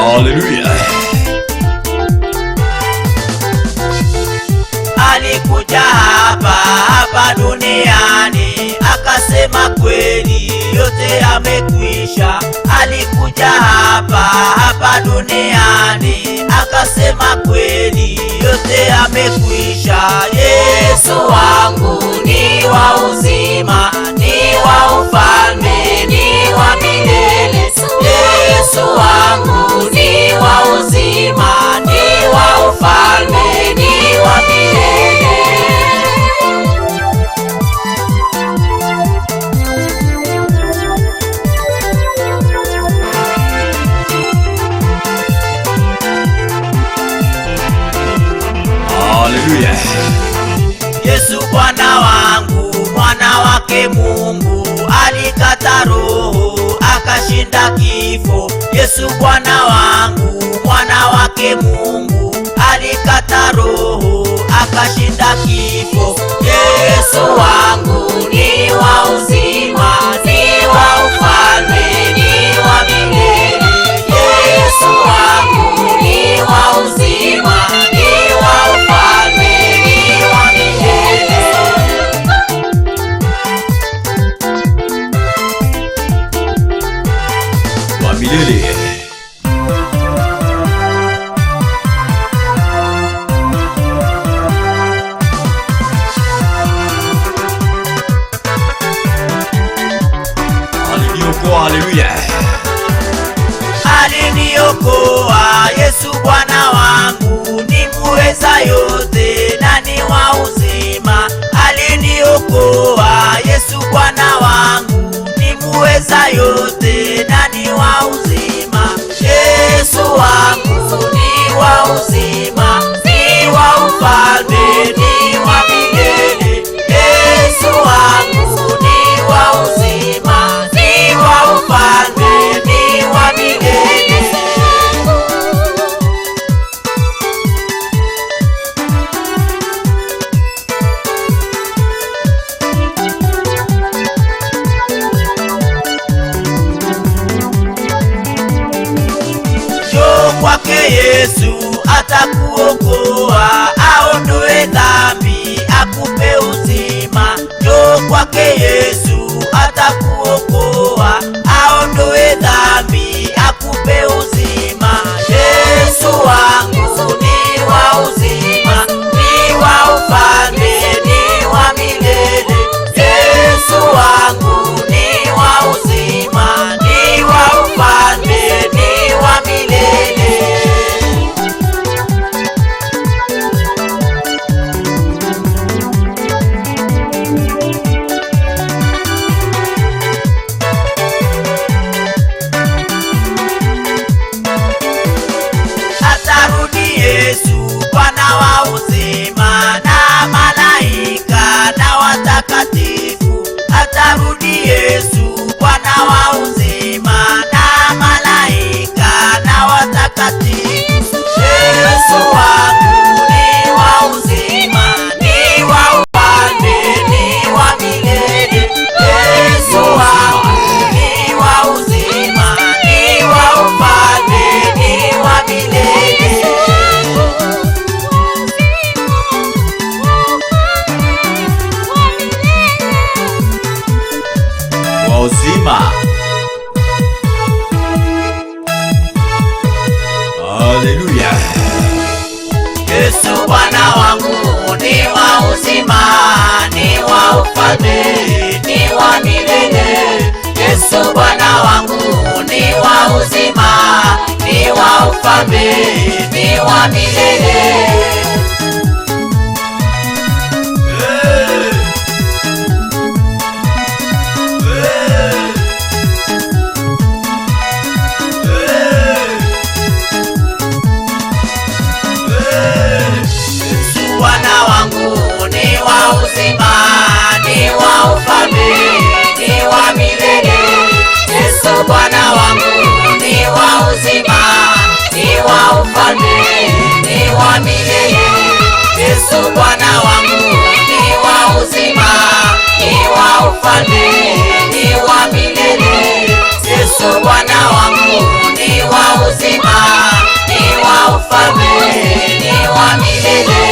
Haleluya. Alikuja hapa hapa duniani akasema kweli yote amekwisha. Alikuja hapa hapa duniani akasema kweli yote amekwisha. Yesu wangu kushinda kifo. Yesu wangu ni wa uzima, ni wa ufalme, ni wa milele. Yesu wangu ni wa uzima, ni wa ufalme, ni wa milele. Wa milele. haleluya. Aliniokoa Yesu Bwana wangu, ni muweza yote na ni wa uzima. Aliniokoa Yesu Bwana wangu, ni muweza yote Yesu atakuokoa, aondoe dhambi, akupe uzima. Njoo kwake Yesu atakuokoa Yesu Bwana wa uzima na malaika na watakatifu Bwana wangu ni wa uzima, ni wa ufalme, ni wa milele. Yesu Bwana wangu ni wa uzima, ni wa ufalme, ni wa milele. mfalme ni wa milele. Yesu Bwana wangu ni wa uzima, ni wa ufalme, ni wa milele